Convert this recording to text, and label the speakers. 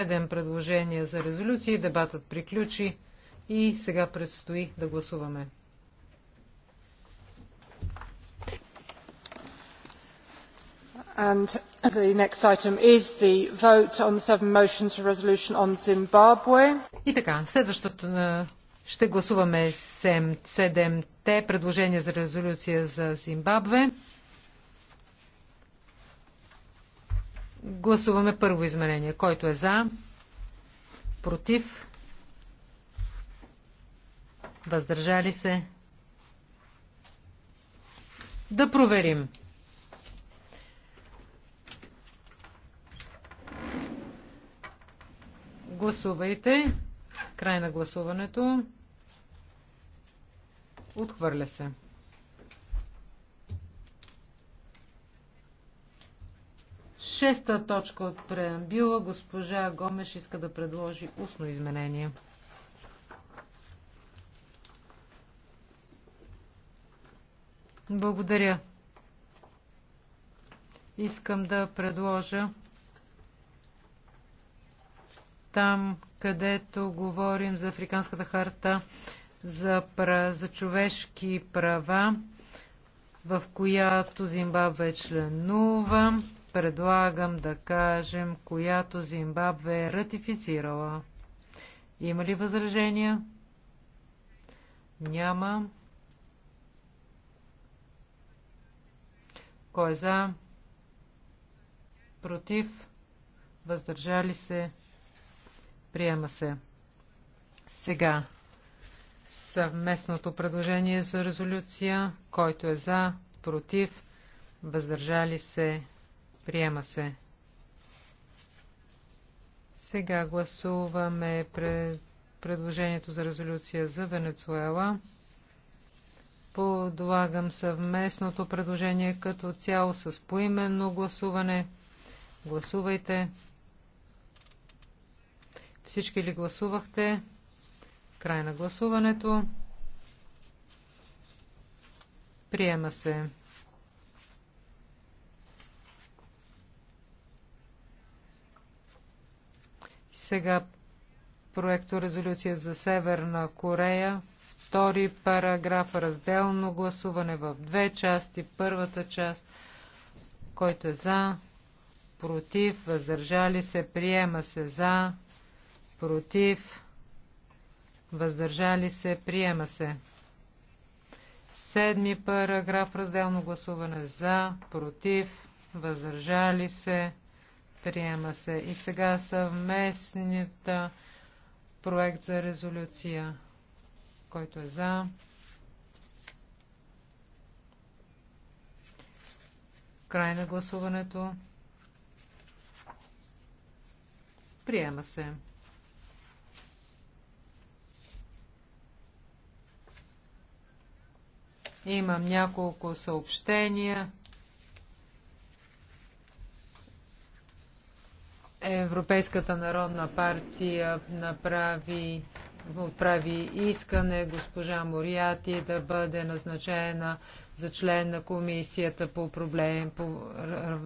Speaker 1: 7 предложения за резолюции. Дебатът приключи и сега предстои да гласуваме. And the next item is the vote on seven motions for resolution on Zimbabwe. И така, следващото ще гласуваме 7-те предложения за резолюция за Зимбабве. Гласуваме първо изменение. Който е за? Против? Въздържали се? Да проверим. Гласувайте. Край на гласуването. Отхвърля се. шеста точка от преамбюла госпожа Гомеш иска да предложи устно изменение. Благодаря. Искам да предложа там, където говорим за Африканската харта за, за човешки права, в която Зимбабве членува предлагам да кажем, която Зимбабве е ратифицирала. Има ли възражения? Няма. Кой е за? Против? Въздържали се? Приема се. Сега съвместното предложение за резолюция, който е за, против, въздържали се, Приема се. Сега гласуваме предложението за резолюция за Венецуела. Подлагам съвместното предложение като цяло с поименно гласуване. Гласувайте. Всички ли гласувахте? Край на гласуването. Приема се. Сега проекто резолюция за Северна Корея. Втори параграф, разделно гласуване в две части. Първата част, който е за, против, въздържали се, приема се за, против, въздържали се, приема се. Седми параграф, разделно гласуване за, против, въздържали се, Приема се. И сега съвместната проект за резолюция, който е за. Край на гласуването. Приема се. Имам няколко съобщения. Европейската народна партия направи, отправи искане госпожа Мориати да бъде назначена за член на комисията по проблем по